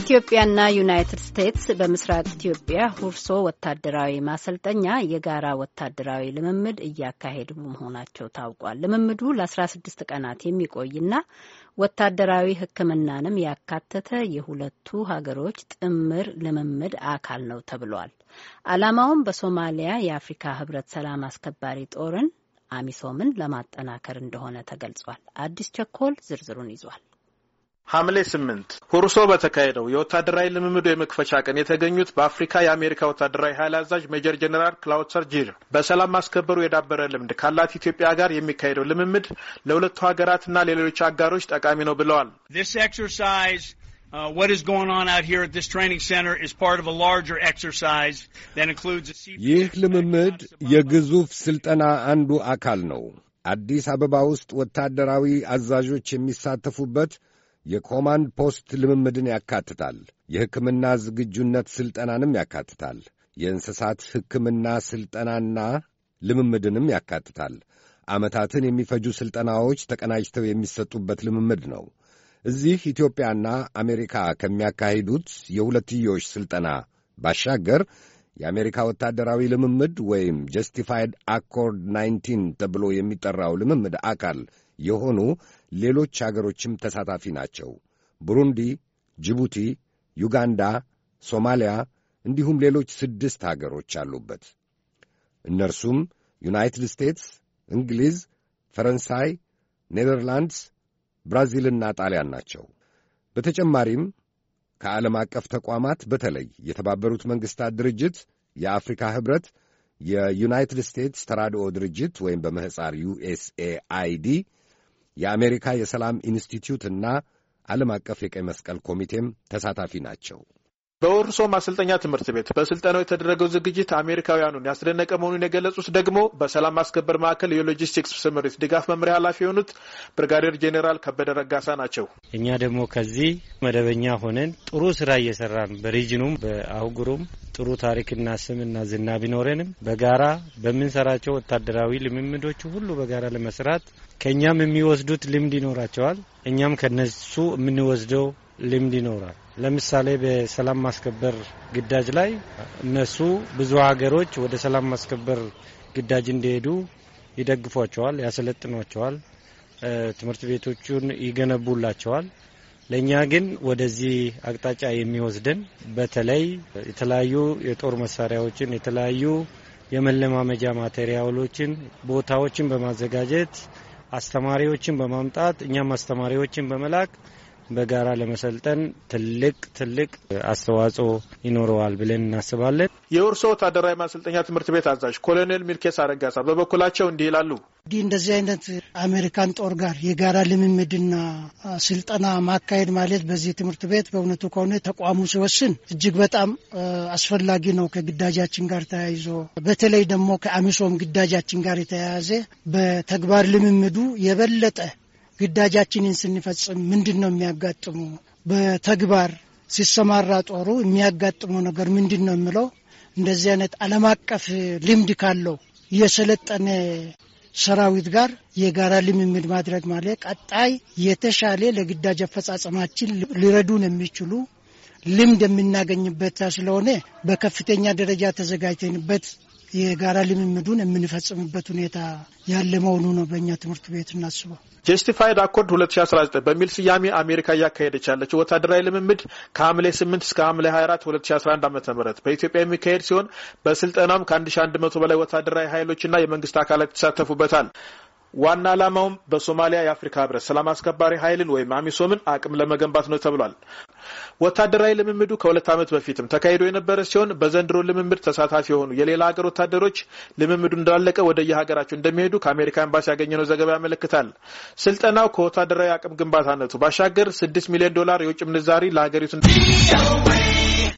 ኢትዮጵያና ዩናይትድ ስቴትስ በምስራቅ ኢትዮጵያ ሁርሶ ወታደራዊ ማሰልጠኛ የጋራ ወታደራዊ ልምምድ እያካሄዱ መሆናቸው ታውቋል። ልምምዱ ለ16 ቀናት የሚቆይና ወታደራዊ ሕክምናንም ያካተተ የሁለቱ ሀገሮች ጥምር ልምምድ አካል ነው ተብሏል። ዓላማውም በሶማሊያ የአፍሪካ ሕብረት ሰላም አስከባሪ ጦርን አሚሶምን ለማጠናከር እንደሆነ ተገልጿል። አዲስ ቸኮል ዝርዝሩን ይዟል። ሐምሌ ስምንት ሁርሶ በተካሄደው የወታደራዊ ልምምዱ የመክፈቻ ቀን የተገኙት በአፍሪካ የአሜሪካ ወታደራዊ ኃይል አዛዥ ሜጀር ጀኔራል ክላውሰር ጂር በሰላም ማስከበሩ የዳበረ ልምድ ካላት ኢትዮጵያ ጋር የሚካሄደው ልምምድ ለሁለቱ ሀገራትና ለሌሎች አጋሮች ጠቃሚ ነው ብለዋል። Uh, what is going on out here at this training center is part of a larger exercise that includes a ይህ ልምምድ የግዙፍ ስልጠና አንዱ አካል ነው። አዲስ አበባ ውስጥ ወታደራዊ አዛዦች የሚሳተፉበት የኮማንድ ፖስት ልምምድን ያካትታል። የሕክምና ዝግጁነት ሥልጠናንም ያካትታል። የእንስሳት ሕክምና ሥልጠናና ልምምድንም ያካትታል። ዓመታትን የሚፈጁ ሥልጠናዎች ተቀናጅተው የሚሰጡበት ልምምድ ነው። እዚህ ኢትዮጵያና አሜሪካ ከሚያካሂዱት የሁለትዮሽ ሥልጠና ባሻገር የአሜሪካ ወታደራዊ ልምምድ ወይም ጀስቲፋይድ አኮርድ 19 ተብሎ የሚጠራው ልምምድ አካል የሆኑ ሌሎች አገሮችም ተሳታፊ ናቸው። ቡሩንዲ፣ ጅቡቲ፣ ዩጋንዳ፣ ሶማሊያ እንዲሁም ሌሎች ስድስት አገሮች አሉበት። እነርሱም ዩናይትድ ስቴትስ፣ እንግሊዝ፣ ፈረንሳይ፣ ኔዘርላንድስ፣ ብራዚልና ጣሊያን ናቸው። በተጨማሪም ከዓለም አቀፍ ተቋማት በተለይ የተባበሩት መንግሥታት ድርጅት፣ የአፍሪካ ኅብረት፣ የዩናይትድ ስቴትስ ተራድኦ ድርጅት ወይም በምሕፃር ዩኤስኤአይዲ፣ የአሜሪካ የሰላም ኢንስቲትዩት እና ዓለም አቀፍ የቀይ መስቀል ኮሚቴም ተሳታፊ ናቸው። በወርሶ ማሰልጠኛ ትምህርት ቤት በስልጠናው የተደረገው ዝግጅት አሜሪካውያኑን ያስደነቀ መሆኑን የገለጹት ደግሞ በሰላም ማስከበር ማዕከል የሎጂስቲክስ ስምሪት ድጋፍ መምሪያ ኃላፊ የሆኑት ብርጋዴር ጄኔራል ከበደ ረጋሳ ናቸው። እኛ ደግሞ ከዚህ መደበኛ ሆነን ጥሩ ስራ እየሰራን በሪጅኑም በአህጉሩም ጥሩ ታሪክና ስምና ዝና ቢኖረንም በጋራ በምንሰራቸው ወታደራዊ ልምምዶች ሁሉ በጋራ ለመስራት ከእኛም የሚወስዱት ልምድ ይኖራቸዋል። እኛም ከነሱ የምንወስደው ልምድ ይኖራል። ለምሳሌ በሰላም ማስከበር ግዳጅ ላይ እነሱ ብዙ ሀገሮች ወደ ሰላም ማስከበር ግዳጅ እንዲሄዱ ይደግፏቸዋል፣ ያሰለጥኗቸዋል፣ ትምህርት ቤቶቹን ይገነቡላቸዋል። ለእኛ ግን ወደዚህ አቅጣጫ የሚወስድን በተለይ የተለያዩ የጦር መሳሪያዎችን የተለያዩ የመለማመጃ ማቴሪያሎችን ቦታዎችን በማዘጋጀት አስተማሪዎችን በማምጣት እኛም አስተማሪዎችን በመላክ በጋራ ለመሰልጠን ትልቅ ትልቅ አስተዋጽኦ ይኖረዋል ብለን እናስባለን። የውርሶ ወታደራዊ ማሰልጠኛ ትምህርት ቤት አዛዥ ኮሎኔል ሚልኬስ አረጋሳ በበኩላቸው እንዲህ ይላሉ። እንዲህ እንደዚህ አይነት አሜሪካን ጦር ጋር የጋራ ልምምድና ስልጠና ማካሄድ ማለት በዚህ ትምህርት ቤት በእውነቱ ከሆነ ተቋሙ ሲወስን እጅግ በጣም አስፈላጊ ነው። ከግዳጃችን ጋር ተያይዞ በተለይ ደግሞ ከአሚሶም ግዳጃችን ጋር የተያያዘ በተግባር ልምምዱ የበለጠ ግዳጃችንን ስንፈጽም ምንድን ነው የሚያጋጥሙ በተግባር ሲሰማራ ጦሩ የሚያጋጥመው ነገር ምንድን ነው የምለው እንደዚህ አይነት ዓለም አቀፍ ልምድ ካለው የሰለጠነ ሰራዊት ጋር የጋራ ልምምድ ማድረግ ማለት ቀጣይ የተሻለ ለግዳጅ አፈጻጸማችን ሊረዱን የሚችሉ ልምድ የምናገኝበት ስለሆነ በከፍተኛ ደረጃ ተዘጋጅተንበት የጋራ ልምምዱን የምንፈጽምበት ሁኔታ ያለ መሆኑ ነው። በእኛ ትምህርት ቤት እናስበው። ጀስቲፋይድ አኮርድ 2019 በሚል ስያሜ አሜሪካ እያካሄደች ያለችው ወታደራዊ ልምምድ ከሐምሌ 8 እስከ ሐምሌ 24 2011 ዓ ም በኢትዮጵያ የሚካሄድ ሲሆን በስልጠናም ከ1100 በላይ ወታደራዊ ኃይሎችና የመንግስት አካላት ይሳተፉበታል። ዋና ዓላማውም በሶማሊያ የአፍሪካ ህብረት ሰላም አስከባሪ ኃይልን ወይም አሚሶምን አቅም ለመገንባት ነው ተብሏል። ወታደራዊ ልምምዱ ከሁለት ዓመት በፊትም ተካሂዶ የነበረ ሲሆን በዘንድሮ ልምምድ ተሳታፊ የሆኑ የሌላ ሀገር ወታደሮች ልምምዱ እንዳለቀ ወደ የሀገራቸው እንደሚሄዱ ከአሜሪካ ኤምባሲ ያገኘነው ዘገባ ያመለክታል። ስልጠናው ከወታደራዊ አቅም ግንባታነቱ ባሻገር ስድስት ሚሊዮን ዶላር የውጭ ምንዛሪ ለሀገሪቱ